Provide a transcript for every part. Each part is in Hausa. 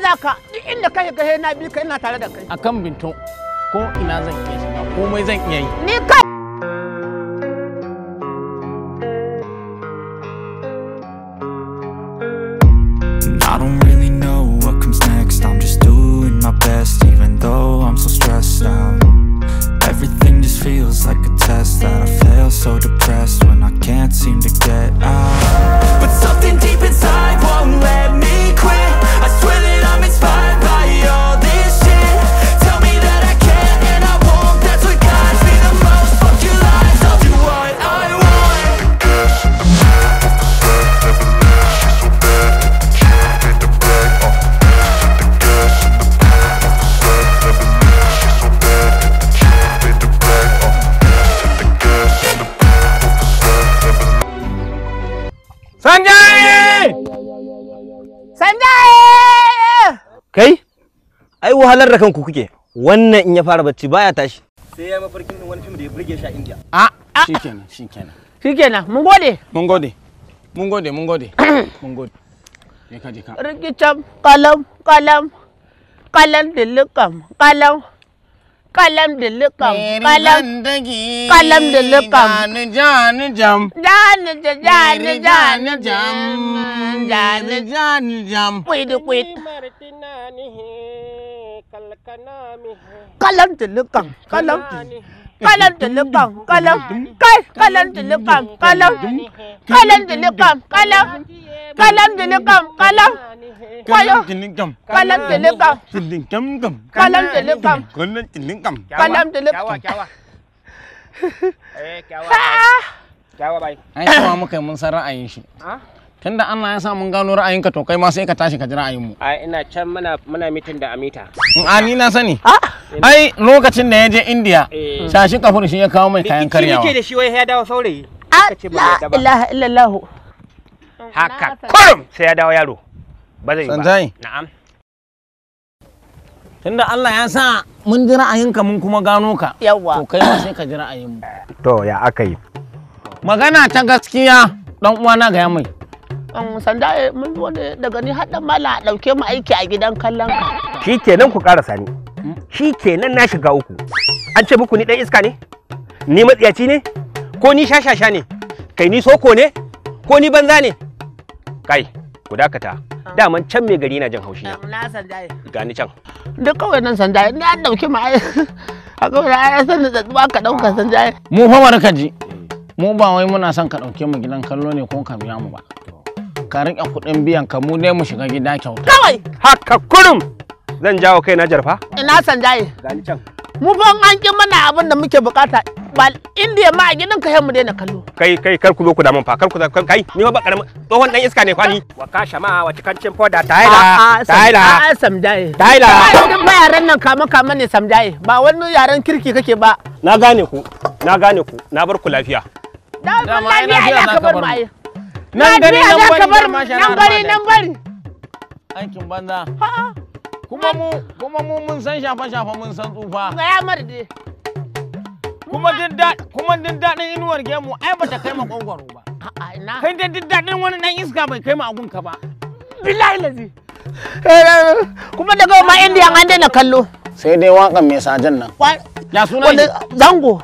da za ka duk inda ka shiga na bi ka ina tare da kai akan binto ko ina zan iya shiga komai zan iya yi ni kai Sanjay! Sanjay! Kai, ai wahalar da kanku kuke. Wannan in ya fara bacci baya tashi. Sai ya mafarkin wani fim da ya burge shi a India. A, a. Shikenan, shikenan. Shikenan, mun gode. Mun gode. Mun gode, mun gode. Mun gode. Je ka je ka. Rikicam kalam kalam kalam dilikam kalam. kalam da kalam kalam da kwayo kalam tilipam tilin kam kam kalam tilipam kalam tilin kam kalam tilipam kyawa kyawa eh kyawa kyawa bai ai kuma muka mun san ra'ayin shi tunda Allah ya sa mun gano ra'ayin ka to kai ma sai ka tashi ka ji ra'ayin mu ai ina can muna muna mitin da Amita a ni na sani ai lokacin da ya je India shashi kafur shi ya kawo mai kayan karyawa yake da shi wai ya dawo saurayi la ilaha illallah haka kurum sai ya dawo yaro ba zai ba na'am tunda Allah ya sa mun ji ra'ayinka mun kuma gano ka yawa to kai ma sai ka ji ra'ayin mu to ya aka yi magana ta gaskiya dan uwana ga mai. mai um, sandaye mun wanda daga ni haɗa mala ɗauke mu aiki a gidan kallon ka shi kenan ku ƙarasa ni shi kenan na shiga uku an ce muku ni ɗan iska ne ni matsiyaci ne ko ni shashasha ne kai ni soko ne ko ni banza ne kai ku dakata daman can mai gari na jin haushi na na sanda gani can duk kawai nan sanda ni an dauke ma ai a kawai ai san da ba ka dauka sanda mu fa ka ji eh. mu ba wai muna son ka dauke mu gidan kallo ne ko ka biya mu ba ka rike kuɗin biyan ka mu dai mu shiga gida kyauta kawai haka kurum zan jawo kai na jarfa ina sanda gani can mu fa an kin mana abin da muke bukata kwal indiya ma a gidan ka mu daina kallo kai kai kar ku zo ku damun fa kar ku kai ni ma ba karamin tsohon dan iska ne kwani wa ka shama wa cin foda taila taila a samjaye taila idan ba yaran nan kama kama ne samjaye ba wani yaran kirki kake ba na gane ku na gane ku na bar ku lafiya da lafiya ka bar mu nan gari nan bari nan bari nan bari aikin banza kuma mu kuma mu mun san shafa shafa mun san tsufa ga ya marde kuma din daɗin inuwar gemu ai bata kai ma makogwaro ba kai dai din daɗin wani ɗan iska bai kai ma agunka ba billahi lazi kuma daga ma indiya an daina kallo sai dai wakan mai sajan nan ya suna zango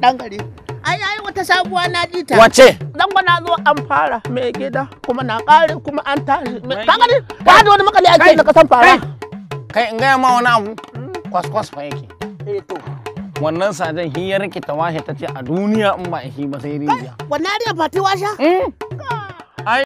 dan gari ai ai wata sabuwa na ji ta wace zango na zo an fara mai gida kuma na ƙare kuma an tashi ka gani ka wani makali a cikin kasan fara kai in gaya ma wani abu hmm? kwas fa yake eh to wannan sajan hi ya rike ta washe ta ce a duniya in ba hi ba sai rijiya wannan riya ba ta washe hmm?